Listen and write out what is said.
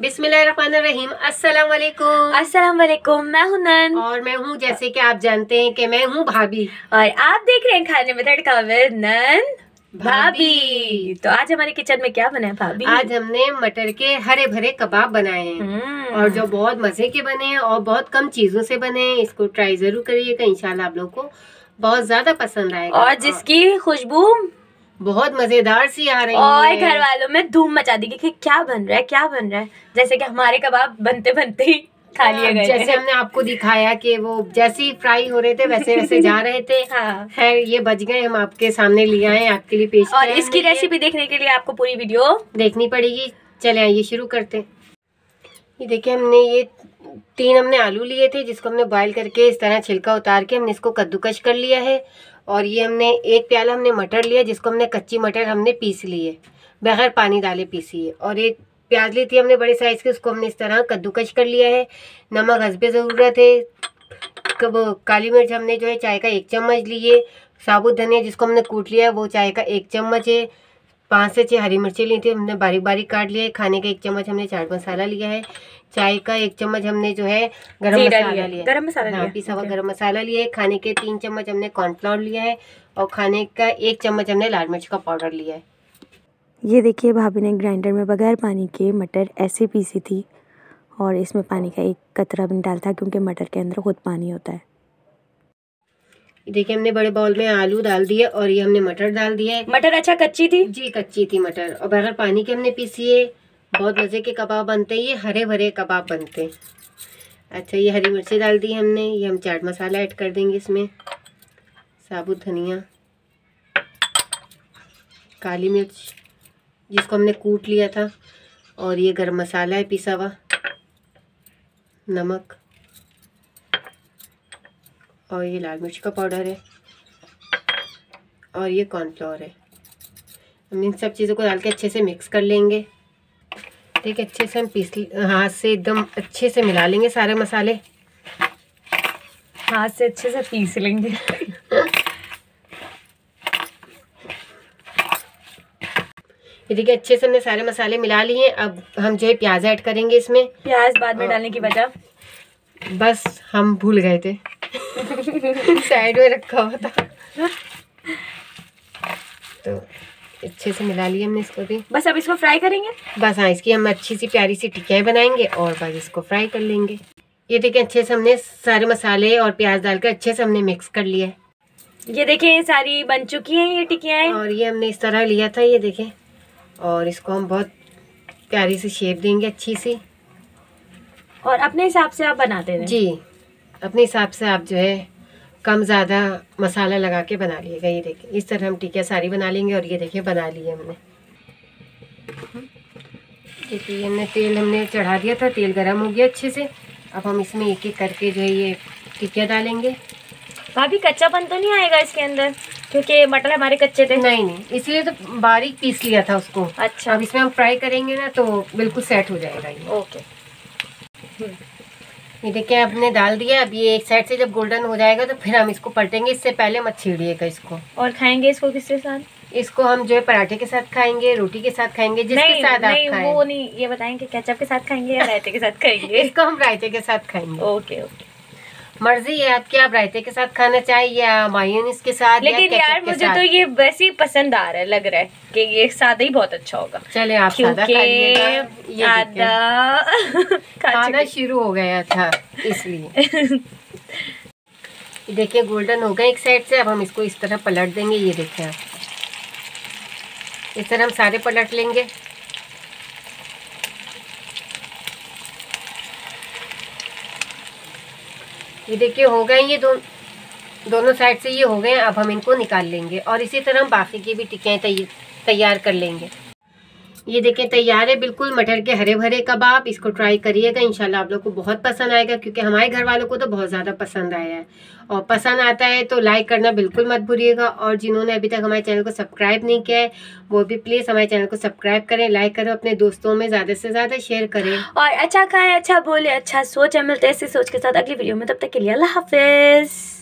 बिस्मिल्लाहिर्रहमानिर्रहीम अस्सलाम वालेकुम अस्सलाम वालेकुम मैं हूं नन और मैं हूं जैसे कि आप जानते हैं कि मैं हूं भाभी और आप देख रहे हैं खाने में तड़का विद नन भाभी तो आज हमारे किचन में क्या बना है भाभी आज हमने मटर के हरे भरे कबाब बनाए हैं हम्म। और जो बहुत मजे के बने हैं और बहुत कम चीजों से बने हैं इसको ट्राई जरूर करिएगा इंशाल्लाह आप लोग को बहुत ज्यादा पसंद आएगा और जिसकी खुशबू बहुत मजेदार सी आ रही और घर वालों में धूम मचा दी कि क्या बन रहा है क्या बन रहा है जैसे कि हमारे कबाब बनते बनते ही खा हाँ, लिए गए जैसे हमने आपको दिखाया कि वो जैसे ही फ्राई हो रहे थे वैसे वैसे जा रहे थे हाँ। है ये बच गए हम आपके सामने लिए आए आपके लिए पेश और इसकी रेसिपी देखने के लिए आपको पूरी वीडियो देखनी पड़ेगी चले आइए शुरू करते हैं ये देखिए हमने ये तीन हमने आलू लिए थे जिसको हमने बॉईल करके इस तरह छिलका उतार के हमने इसको कद्दूकश कर लिया है और ये हमने एक प्याला हमने मटर लिया जिसको हमने कच्ची मटर हमने पीस ली है बगैर पानी डाले पीसी है और एक प्याज ली थी हमने बड़े साइज़ की उसको हमने इस तरह कद्दूकश कर लिया है नमक हंसबे ज़रूरत है कब काली मिर्च हमने जो है चाय का एक चम्मच लिए साबुत धनिया जिसको हमने कूट लिया है वो चाय का एक चम्मच है पाँच से छः हरी मिर्ची ली थी हमने बारीक बारीक काट लिया है खाने का एक चम्मच हमने चाट मसाला लिया है चाय का एक चम्मच हमने जो है गरम मसाला लिया गरम मसाला हाँ हुआ गरम मसाला लिया है खाने के तीन चम्मच हमने कॉर्नफ्लावर लिया है और खाने का एक चम्मच हमने लाल मिर्च का पाउडर लिया है ये देखिए भाभी ने ग्राइंडर में बगैर पानी के मटर ऐसे पीसी थी और इसमें पानी का एक कतरा भी डालता क्योंकि मटर के अंदर खुद पानी होता है देखिए हमने बड़े बाउल में आलू डाल दिए और ये हमने मटर डाल दिए मटर अच्छा कच्ची थी जी कच्ची थी मटर और बगैर पानी के हमने पीसी बहुत मज़े के कबाब बनते हैं ये हरे भरे कबाब बनते हैं अच्छा ये हरी मिर्ची डाल दी हमने ये हम चाट मसाला ऐड कर देंगे इसमें साबुत धनिया काली मिर्च जिसको हमने कूट लिया था और ये गरम मसाला है पिसा हुआ नमक और ये लाल मिर्च का पाउडर है और ये कॉर्नफ्लोर है हम इन सब चीज़ों को डाल के अच्छे से मिक्स कर लेंगे ठीक है अच्छे से हम पीस हाथ से एकदम अच्छे से मिला लेंगे सारे मसाले हाथ से अच्छे से पीस लेंगे ये देखिए अच्छे से हमने सारे मसाले मिला लिए अब हम जो है प्याज ऐड करेंगे इसमें प्याज बाद में डालने की वजह बस हम भूल गए थे साइड में रखा हुआ था तो अच्छे से मिला लिया हमने इसको भी बस अब इसको फ्राई करेंगे बस हाँ इसकी हम अच्छी सी प्यारी सी टिकियाँ बनाएंगे और बस इसको फ्राई कर लेंगे ये देखिए अच्छे से हमने सारे मसाले और प्याज डाल कर अच्छे से हमने मिक्स कर लिया है ये देखिए ये सारी बन चुकी हैं ये टिकियाँ और ये हमने इस तरह लिया था ये देखें और इसको हम बहुत प्यारी सी शेप देंगे अच्छी सी और अपने हिसाब से आप बनाते हैं जी अपने हिसाब से आप जो है कम ज़्यादा मसाला लगा के बना लिएगा ये देखिए इस तरह हम टिकिया सारी बना लेंगे और ये देखिए बना लिए हमने देखिए हमने तेल हमने चढ़ा दिया था तेल गर्म हो गया अच्छे से अब हम इसमें एक एक करके जो है ये टिकिया डालेंगे भाभी कच्चा बन तो नहीं आएगा इसके अंदर क्योंकि मटर हमारे कच्चे थे नहीं नहीं इसलिए तो बारीक पीस लिया था उसको अच्छा अब इसमें हम फ्राई करेंगे ना तो बिल्कुल सेट हो जाएगा ये ओके हम्म। ये देखिए आपने डाल दिया अब ये एक साइड से जब गोल्डन हो जाएगा तो फिर हम इसको पलटेंगे इससे पहले मत छीड़िएगा इसको और खाएंगे इसको किसके साथ इसको हम जो है पराठे के साथ खाएंगे रोटी के साथ खाएंगे जिसके नहीं, साथ नहीं, आप खाएं। वो नहीं ये बताएंगे केचप के साथ खाएंगे या रायते के साथ खाएंगे इसको हम रायते के साथ खाएंगे ओके ओके मर्जी है आपकी आप रायते के साथ खाना चाहे या मायूनिस के साथ लेकिन या यार मुझे तो ये वैसे ही पसंद आ रहा है लग रहा है कि ये सादा ही बहुत अच्छा होगा चले आप सादा खाना शुरू हो गया था इसलिए देखिए गोल्डन हो गए एक साइड से अब हम इसको इस तरह पलट देंगे ये देखें आप इस तरह हम सारे पलट लेंगे ये देखिए हो गए ये दो दोनों साइड से ये हो गए अब हम इनको निकाल लेंगे और इसी तरह हम बाकी की भी टिक्कियाँ तैयार कर लेंगे ये देखें तैयार है बिल्कुल मटर के हरे भरे कबाब इसको ट्राई करिएगा इंशाल्लाह आप लोग को बहुत पसंद आएगा क्योंकि हमारे घर वालों को तो बहुत ज़्यादा पसंद आया है और पसंद आता है तो लाइक करना बिल्कुल मत भूलिएगा और जिन्होंने अभी तक हमारे चैनल को सब्सक्राइब नहीं किया है वो भी प्लीज़ हमारे चैनल को सब्सक्राइब करें लाइक करें अपने दोस्तों में ज़्यादा से ज़्यादा शेयर करें और अच्छा खाएँ अच्छा बोले अच्छा सोच है मिलते ऐसी सोच के साथ अगली वीडियो में तब तक के लिए अल्लाह हाफिज़